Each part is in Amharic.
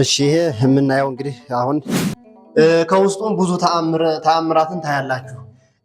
እሺ ይሄ የምናየው እንግዲህ አሁን ከውስጡም ብዙ ተአምራትን ታያላችሁ።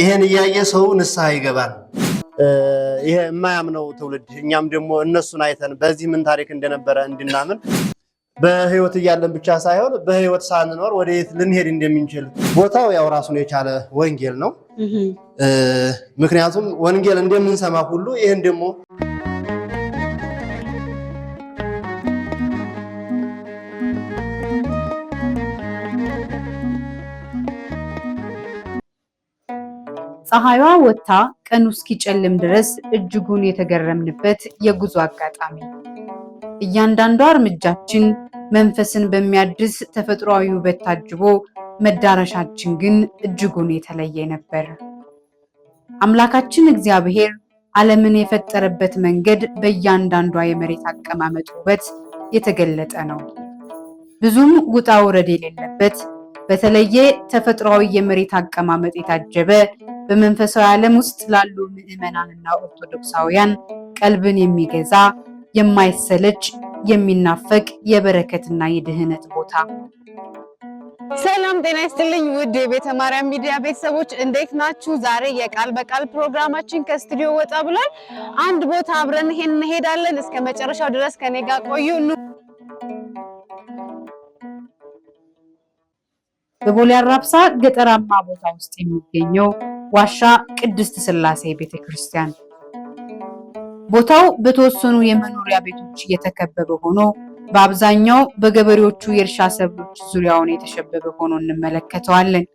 ይሄን እያየ ሰው ንስሐ ይገባል። ይሄ የማያምነው ትውልድ እኛም ደግሞ እነሱን አይተን በዚህ ምን ታሪክ እንደነበረ እንድናምን በህይወት እያለን ብቻ ሳይሆን በህይወት ሳንኖር ወደየት ልንሄድ እንደምንችል ቦታው ያው ራሱን የቻለ ወንጌል ነው። ምክንያቱም ወንጌል እንደምንሰማ ሁሉ ይህን ደግሞ ፀሐይዋ ወጥታ ቀኑ እስኪጨልም ድረስ እጅጉን የተገረምንበት የጉዞ አጋጣሚ። እያንዳንዷ እርምጃችን መንፈስን በሚያድስ ተፈጥሯዊ ውበት ታጅቦ፣ መዳረሻችን ግን እጅጉን የተለየ ነበር። አምላካችን እግዚአብሔር ዓለምን የፈጠረበት መንገድ በእያንዳንዷ የመሬት አቀማመጥ ውበት የተገለጠ ነው። ብዙም ውጣ ውረድ የሌለበት በተለየ ተፈጥሯዊ የመሬት አቀማመጥ የታጀበ በመንፈሳዊ ዓለም ውስጥ ላሉ ምዕመናንና ኦርቶዶክሳውያን ቀልብን የሚገዛ የማይሰለች የሚናፈቅ የበረከትና የድህነት ቦታ። ሰላም ጤና ይስጥልኝ ውድ የቤተ ማርያም ሚዲያ ቤተሰቦች እንዴት ናችሁ? ዛሬ የቃል በቃል ፕሮግራማችን ከስቱዲዮ ወጣ ብሏል። አንድ ቦታ አብረን ይሄን እንሄዳለን። እስከ መጨረሻው ድረስ ከኔ ጋር ቆዩ። በቦሌ አራብሳ ገጠራማ ቦታ ውስጥ የሚገኘው ዋሻ ቅድስት ስላሴ ቤተ ክርስቲያን። ቦታው በተወሰኑ የመኖሪያ ቤቶች እየተከበበ ሆኖ በአብዛኛው በገበሬዎቹ የእርሻ ሰብሎች ዙሪያውን የተሸበበ ሆኖ እንመለከተዋለን።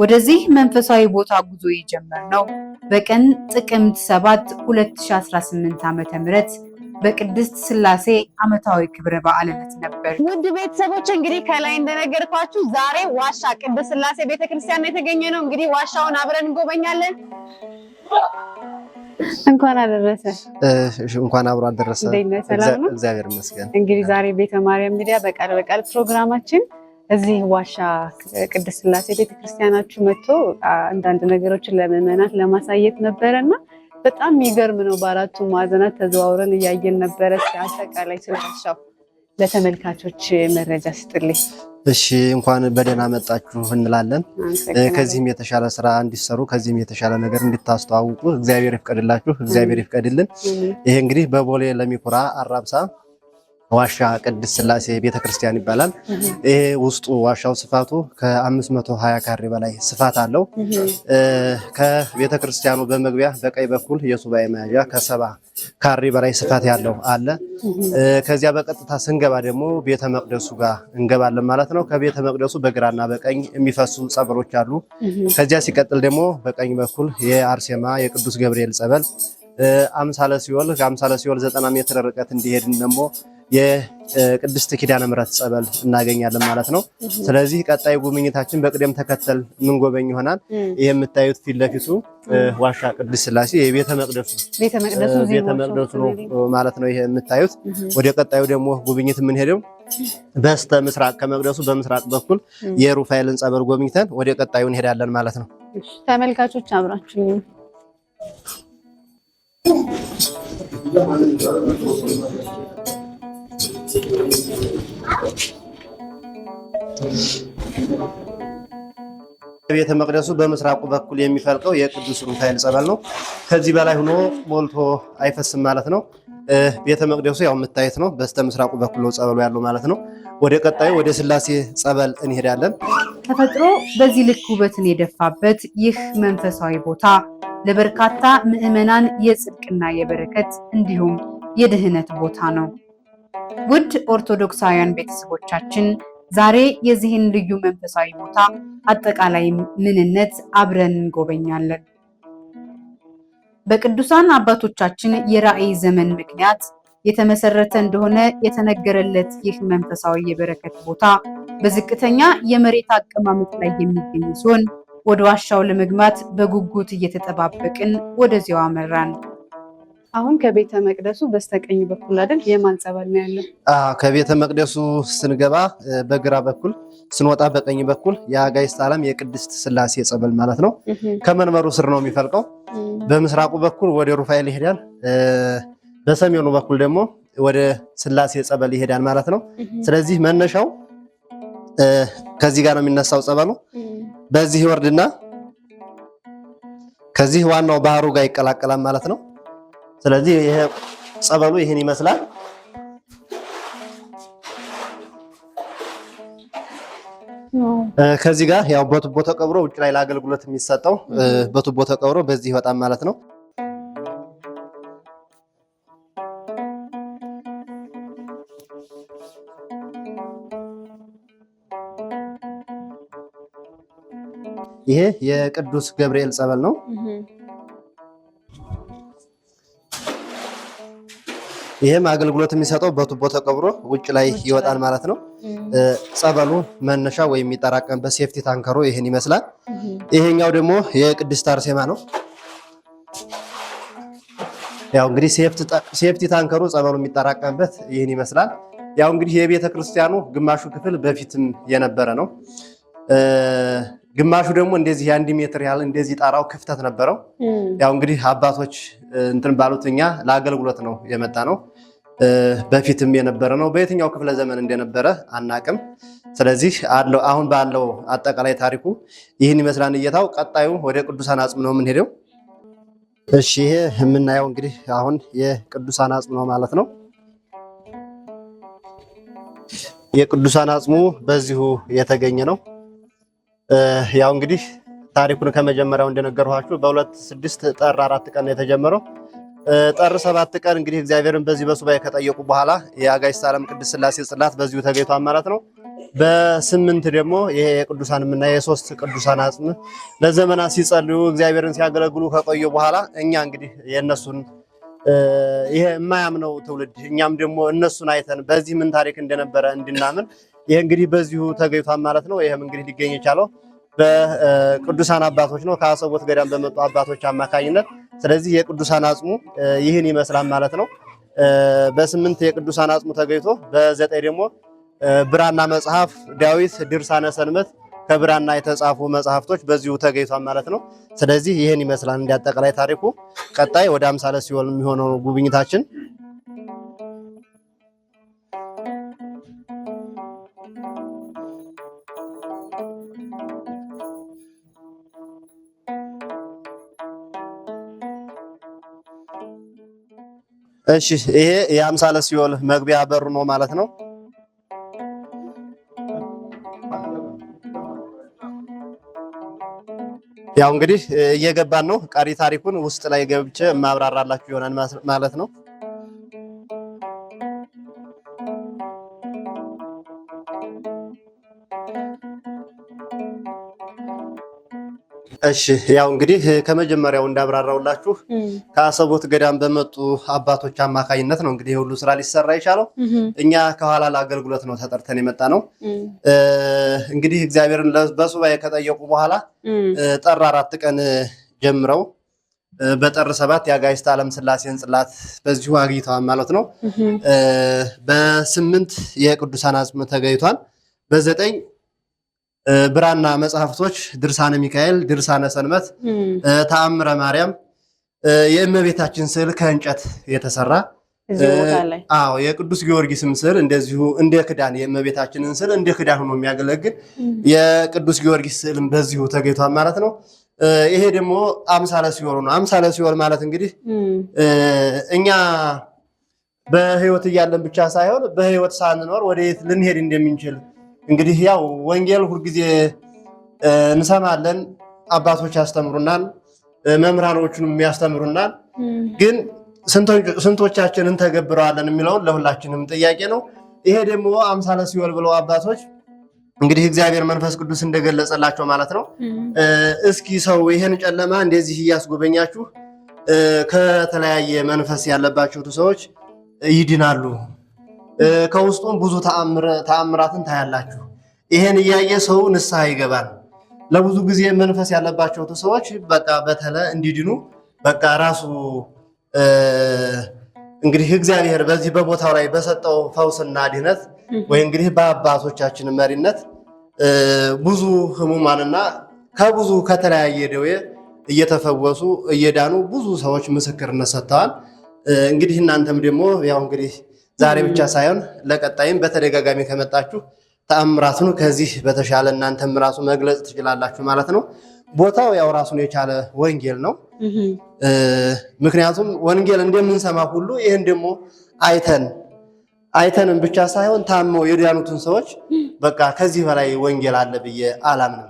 ወደዚህ መንፈሳዊ ቦታ ጉዞ የጀመርነው በቀን ጥቅምት 7 2018 ዓ.ም በቅድስት ስላሴ ዓመታዊ ክብረ በዓልነት ነበር። ውድ ቤተሰቦች እንግዲህ ከላይ እንደነገርኳችሁ ዛሬ ዋሻ ቅድስት ስላሴ ቤተክርስቲያን የተገኘ ነው። እንግዲህ ዋሻውን አብረን እንጎበኛለን። እንኳን አደረሰ። እንኳን አብሮ አደረሰ። እግዚአብሔር ይመስገን። እንግዲህ ዛሬ ቤተ ማርያም ሚዲያ በቃል በቃል ፕሮግራማችን እዚህ ዋሻ ቅድስት ስላሴ ቤተክርስቲያናችሁ መጥቶ አንዳንድ ነገሮችን ለምዕመናት ለማሳየት ነበረ እና በጣም የሚገርም ነው። በአራቱ ማዕዘናት ተዘዋውረን እያየን ነበረ። አጠቃላይ ስለሻው ለተመልካቾች መረጃ ስጥልኝ። እሺ እንኳን በደህና መጣችሁ እንላለን። ከዚህም የተሻለ ስራ እንዲሰሩ ከዚህም የተሻለ ነገር እንድታስተዋውቁ እግዚአብሔር ይፍቀድላችሁ፣ እግዚአብሔር ይፍቀድልን። ይሄ እንግዲህ በቦሌ ለሚኩራ አራብሳ ዋሻ ቅድስት ስላሴ ቤተክርስቲያን ይባላል። ይሄ ውስጡ ዋሻው ስፋቱ ከ520 ካሬ በላይ ስፋት አለው። ከቤተክርስቲያኑ በመግቢያ በቀኝ በኩል የሱባኤ መያዣ ከሰባ ካሬ በላይ ስፋት ያለው አለ። ከዚያ በቀጥታ ስንገባ ደግሞ ቤተ መቅደሱ ጋር እንገባለን ማለት ነው። ከቤተ መቅደሱ በግራና በቀኝ የሚፈሱ ጸበሎች አሉ። ከዚያ ሲቀጥል ደግሞ በቀኝ በኩል የአርሴማ የቅዱስ ገብርኤል ጸበል አምሳለ ሲኦል ከአምሳለ ሲኦል ዘጠና ሜትር ርቀት እንዲሄድን ደግሞ የቅድስት ኪዳነ ምሕረት ጸበል እናገኛለን ማለት ነው። ስለዚህ ቀጣይ ጉብኝታችን በቅደም ተከተል የምንጎበኝ ይሆናል። ይህ የምታዩት ፊት ለፊቱ ዋሻ ቅድስት ስላሴ የቤተ መቅደሱ ቤተ መቅደሱ ነው ማለት ነው። ይሄ የምታዩት ወደ ቀጣዩ ደግሞ ጉብኝት የምንሄደው በስተ ምስራቅ ከመቅደሱ በምስራቅ በኩል የሩፋኤልን ጸበል ጎብኝተን ወደ ቀጣዩ እንሄዳለን ማለት ነው። ተመልካቾች አብራችሁ ቤተ መቅደሱ በምስራቁ በኩል የሚፈልቀው የቅዱስ ሩፋኤል ጸበል ነው። ከዚህ በላይ ሆኖ ሞልቶ አይፈስም ማለት ነው። ቤተ መቅደሱ ያው የምታየት ነው። በስተ ምስራቁ በኩል ነው ጸበሉ ያለው ማለት ነው። ወደ ቀጣዩ ወደ ስላሴ ጸበል እንሄዳለን። ተፈጥሮ በዚህ ልክ ውበትን የደፋበት ይህ መንፈሳዊ ቦታ ለበርካታ ምዕመናን የጽድቅና የበረከት እንዲሁም የድህነት ቦታ ነው። ውድ ኦርቶዶክሳውያን ቤተሰቦቻችን ዛሬ የዚህን ልዩ መንፈሳዊ ቦታ አጠቃላይ ምንነት አብረን እንጎበኛለን። በቅዱሳን አባቶቻችን የራእይ ዘመን ምክንያት የተመሰረተ እንደሆነ የተነገረለት ይህ መንፈሳዊ የበረከት ቦታ በዝቅተኛ የመሬት አቀማመጥ ላይ የሚገኝ ሲሆን ወደ ዋሻው ለመግባት በጉጉት እየተጠባበቅን ወደዚያው አመራን። አሁን ከቤተ መቅደሱ በስተቀኝ በኩል አይደል የማን ጸበል ነው ያለው? ከቤተ መቅደሱ ስንገባ በግራ በኩል ስንወጣ በቀኝ በኩል የአጋዕዝተ ዓለም የቅድስት ስላሴ ጸበል ማለት ነው። ከመንበሩ ስር ነው የሚፈልቀው። በምስራቁ በኩል ወደ ሩፋኤል ይሄዳል። በሰሜኑ በኩል ደግሞ ወደ ስላሴ ጸበል ይሄዳል ማለት ነው። ስለዚህ መነሻው ከዚህ ጋር ነው የሚነሳው ጸበሉ። በዚህ ይወርድና ከዚህ ዋናው ባህሩ ጋር ይቀላቀላል ማለት ነው። ስለዚህ ይሄ ጸበሉ ይህን ይመስላል። ከዚህ ጋር ያው በቱቦ ተቀብሮ ውጭ ላይ ለአገልግሎት የሚሰጠው በቱቦ ተቀብሮ በዚህ ይወጣል ማለት ነው። ይሄ የቅዱስ ገብርኤል ጸበል ነው። ይህም አገልግሎት የሚሰጠው በቱቦ ተቀብሮ ውጭ ላይ ይወጣል ማለት ነው። ጸበሉ መነሻ ወይም የሚጠራቀምበት ሴፍቲ ታንከሩ ይህን ይመስላል። ይሄኛው ደግሞ የቅድስት አርሴማ ነው። ያው እንግዲህ ሴፍቲ ታንከሩ ጸበሉ የሚጠራቀምበት ይህን ይመስላል። ያው እንግዲህ የቤተ ክርስቲያኑ ግማሹ ክፍል በፊትም የነበረ ነው። ግማሹ ደግሞ እንደዚህ የአንድ ሜትር ያህል እንደዚህ ጣራው ክፍተት ነበረው። ያው እንግዲህ አባቶች እንትን ባሉት እኛ ለአገልግሎት ነው የመጣ ነው። በፊትም የነበረ ነው። በየትኛው ክፍለ ዘመን እንደነበረ አናቅም። ስለዚህ አለው አሁን ባለው አጠቃላይ ታሪኩ ይህን ይመስላል። እየታው ቀጣዩ ወደ ቅዱሳን አጽም ነው የምንሄደው። እሺ ይሄ የምናየው እንግዲህ አሁን የቅዱሳን አጽም ነው ማለት ነው። የቅዱሳን አጽሙ በዚሁ የተገኘ ነው። ያው እንግዲህ ታሪኩን ከመጀመሪያው እንደነገርኋችሁ በሁለት ስድስት ጥር አራት ቀን የተጀመረው ጥር ሰባት ቀን እንግዲህ እግዚአብሔርን በዚህ በሱባኤ ከጠየቁ በኋላ የአጋዕዝተ ዓለም ቅድስት ሥላሴ ጽላት በዚሁ ተገኝቷል ማለት ነው። በስምንት ደግሞ ይሄ የቅዱሳንም እና የሶስት ቅዱሳን አጽም ለዘመናት ሲጸልዩ እግዚአብሔርን ሲያገለግሉ ከቆዩ በኋላ እኛ እንግዲህ የእነሱን ይሄ የማያምነው ትውልድ እኛም ደግሞ እነሱን አይተን በዚህ ምን ታሪክ እንደነበረ እንድናምን ይህ እንግዲህ በዚሁ ተገኝቷል ማለት ነው። ይህም እንግዲህ ሊገኝ የቻለው በቅዱሳን አባቶች ነው፣ ከአሰቦት ገዳም በመጡ አባቶች አማካኝነት። ስለዚህ የቅዱሳን አጽሙ ይህን ይመስላል ማለት ነው። በስምንት የቅዱሳን አጽሙ ተገኝቶ በዘጠኝ ደግሞ ብራና መጽሐፍ፣ ዳዊት፣ ድርሳነ ሰንበት ከብራና የተጻፉ መጽሐፍቶች በዚሁ ተገኝቷል ማለት ነው። ስለዚህ ይህን ይመስላል እንዲያጠቃላይ ታሪኩ። ቀጣይ ወደ አምሳለ ሲኦል የሚሆነው ጉብኝታችን እሺ ይሄ የአምሳለ ሲኦል መግቢያ በሩ ነው ማለት ነው። ያው እንግዲህ እየገባን ነው። ቀሪ ታሪኩን ውስጥ ላይ ገብቼ ማብራራላችሁ ይሆናል ማለት ነው። እሺ ያው እንግዲህ ከመጀመሪያው እንዳብራራውላችሁ ከአሰቦት ገዳም በመጡ አባቶች አማካኝነት ነው እንግዲህ ሁሉ ስራ ሊሰራ የቻለው። እኛ ከኋላ ለአገልግሎት ነው ተጠርተን የመጣ ነው። እንግዲህ እግዚአብሔርን በሱባኤ ከጠየቁ በኋላ ጥር አራት ቀን ጀምረው በጥር ሰባት የአጋዕዝተ ዓለም ሥላሴን ጽላት በዚሁ አግኝተዋል ማለት ነው። በስምንት የቅዱሳን አጽም ተገኝቷል። በዘጠኝ ብራና መጽሐፍቶች፣ ድርሳነ ሚካኤል፣ ድርሳነ ሰንበት፣ ተአምረ ማርያም፣ የእመቤታችን ስዕል ከእንጨት የተሰራ አዎ፣ የቅዱስ ጊዮርጊስም ስዕል እንደዚሁ እንደ ክዳን የእመቤታችንን ስዕል እንደ ክዳን ሆኖ የሚያገለግል የቅዱስ ጊዮርጊስ ስዕልም በዚሁ ተገኝቷል ማለት ነው። ይሄ ደግሞ አምሳለ ሲኦል ነው። አምሳለ ሲኦል ማለት እንግዲህ እኛ በህይወት እያለን ብቻ ሳይሆን በህይወት ሳንኖር ወደት ልንሄድ እንደምንችል እንግዲህ ያው ወንጌል ሁልጊዜ እንሰማለን፣ አባቶች ያስተምሩናል፣ መምህራኖቹንም ያስተምሩናል። ግን ስንቶቻችን እንተገብረዋለን የሚለውን ለሁላችንም ጥያቄ ነው። ይሄ ደግሞ አምሳለ ሲወል ብለው አባቶች እንግዲህ እግዚአብሔር መንፈስ ቅዱስ እንደገለጸላቸው ማለት ነው። እስኪ ሰው ይሄን ጨለማ እንደዚህ እያስጎበኛችሁ ከተለያየ መንፈስ ያለባቸው ሰዎች ይድናሉ። ከውስጡም ብዙ ተአምራትን ታያላችሁ። ይሄን እያየ ሰው ንስሐ ይገባል። ለብዙ ጊዜ መንፈስ ያለባቸው ሰዎች በቃ በተለ እንዲድኑ በቃ ራሱ እንግዲህ እግዚአብሔር በዚህ በቦታው ላይ በሰጠው ፈውስና ድህነት ወይ እንግዲህ በአባቶቻችን መሪነት ብዙ ህሙማንና ከብዙ ከተለያየ ደዌ እየተፈወሱ እየዳኑ ብዙ ሰዎች ምስክርነት ሰጥተዋል። እንግዲህ እናንተም ደግሞ ያው እንግዲህ ዛሬ ብቻ ሳይሆን ለቀጣይም በተደጋጋሚ ከመጣችሁ ተአምራቱን ከዚህ በተሻለ እናንተም ራሱ መግለጽ ትችላላችሁ ማለት ነው። ቦታው ያው ራሱን የቻለ ወንጌል ነው። ምክንያቱም ወንጌል እንደምንሰማ ሁሉ ይህን ደግሞ አይተን አይተንም ብቻ ሳይሆን ታመው የዳኑትን ሰዎች በቃ ከዚህ በላይ ወንጌል አለ ብዬ አላምንም።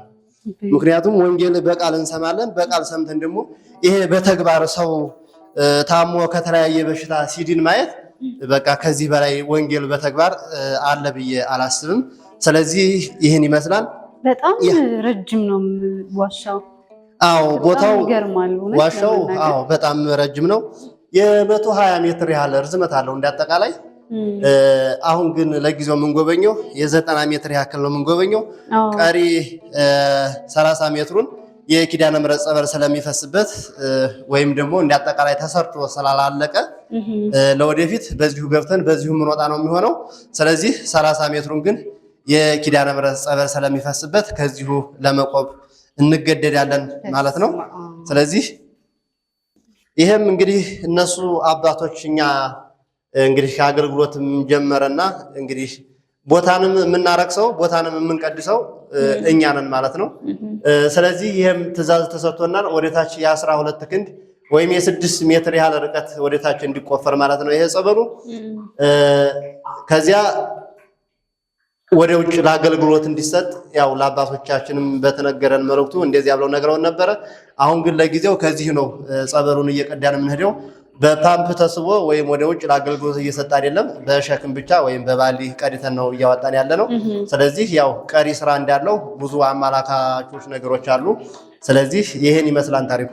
ምክንያቱም ወንጌል በቃል እንሰማለን። በቃል ሰምተን ደግሞ ይሄ በተግባር ሰው ታሞ ከተለያየ በሽታ ሲድን ማየት በቃ ከዚህ በላይ ወንጌል በተግባር አለ ብዬ አላስብም። ስለዚህ ይህን ይመስላል። በጣም ረጅም ነው ዋሻው። አዎ ቦታው ዋሻው፣ አዎ በጣም ረጅም ነው። የመቶ ሀያ ሜትር ያህል ርዝመት አለው እንዳጠቃላይ። አሁን ግን ለጊዜው የምንጎበኘው የዘጠና ሜትር ያክል ነው የምንጎበኘው። ቀሪ ሰላሳ ሜትሩን የኪዳነ ምሕረት ጸበል ስለሚፈስበት ወይም ደግሞ እንዳጠቃላይ ተሰርቶ ስላላለቀ ለወደፊት በዚሁ ገብተን በዚሁ የምንወጣ ነው የሚሆነው። ስለዚህ ሰላሳ ሜትሩን ግን የኪዳነ ምሕረት ጸበል ስለሚፈስበት ከዚሁ ለመቆም እንገደዳለን ማለት ነው። ስለዚህ ይህም እንግዲህ እነሱ አባቶች እኛ እንግዲህ ከአገልግሎትም ጀመረና እንግዲህ ቦታንም የምናረክሰው ቦታንም የምንቀድሰው እኛንን ማለት ነው። ስለዚህ ይህም ትእዛዝ ተሰጥቶናል። ወደታች የአስራ ሁለት ክንድ ወይም የስድስት ሜትር ያህል ርቀት ወደታች እንዲቆፈር ማለት ነው። ይሄ ጸበሉ ከዚያ ወደ ውጭ ለአገልግሎት እንዲሰጥ ያው ለአባቶቻችንም በተነገረን መልእክቱ እንደዚያ ብለው ነግረውን ነበረ። አሁን ግን ለጊዜው ከዚህ ነው ጸበሉን እየቀዳን የምንሄደው። በፓምፕ ተስቦ ወይም ወደ ውጭ ለአገልግሎት እየሰጠ አይደለም። በሸክም ብቻ ወይም በባሊ ቀድተን ነው እያወጣን ያለ ነው። ስለዚህ ያው ቀሪ ስራ እንዳለው ብዙ አመላካቾች ነገሮች አሉ። ስለዚህ ይህን ይመስላል ታሪኩ።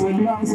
ስላሴ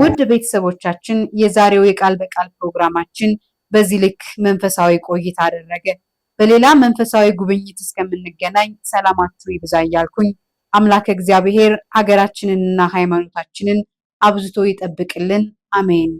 ውድ ቤተሰቦቻችን የዛሬው የቃል በቃል ፕሮግራማችን በዚህ ልክ መንፈሳዊ ቆይታ አደረገ። በሌላ መንፈሳዊ ጉብኝት እስከምንገናኝ ሰላማችሁ ይብዛ እያልኩኝ አምላክ እግዚአብሔር ሀገራችንንና ሃይማኖታችንን አብዝቶ ይጠብቅልን። አሜን።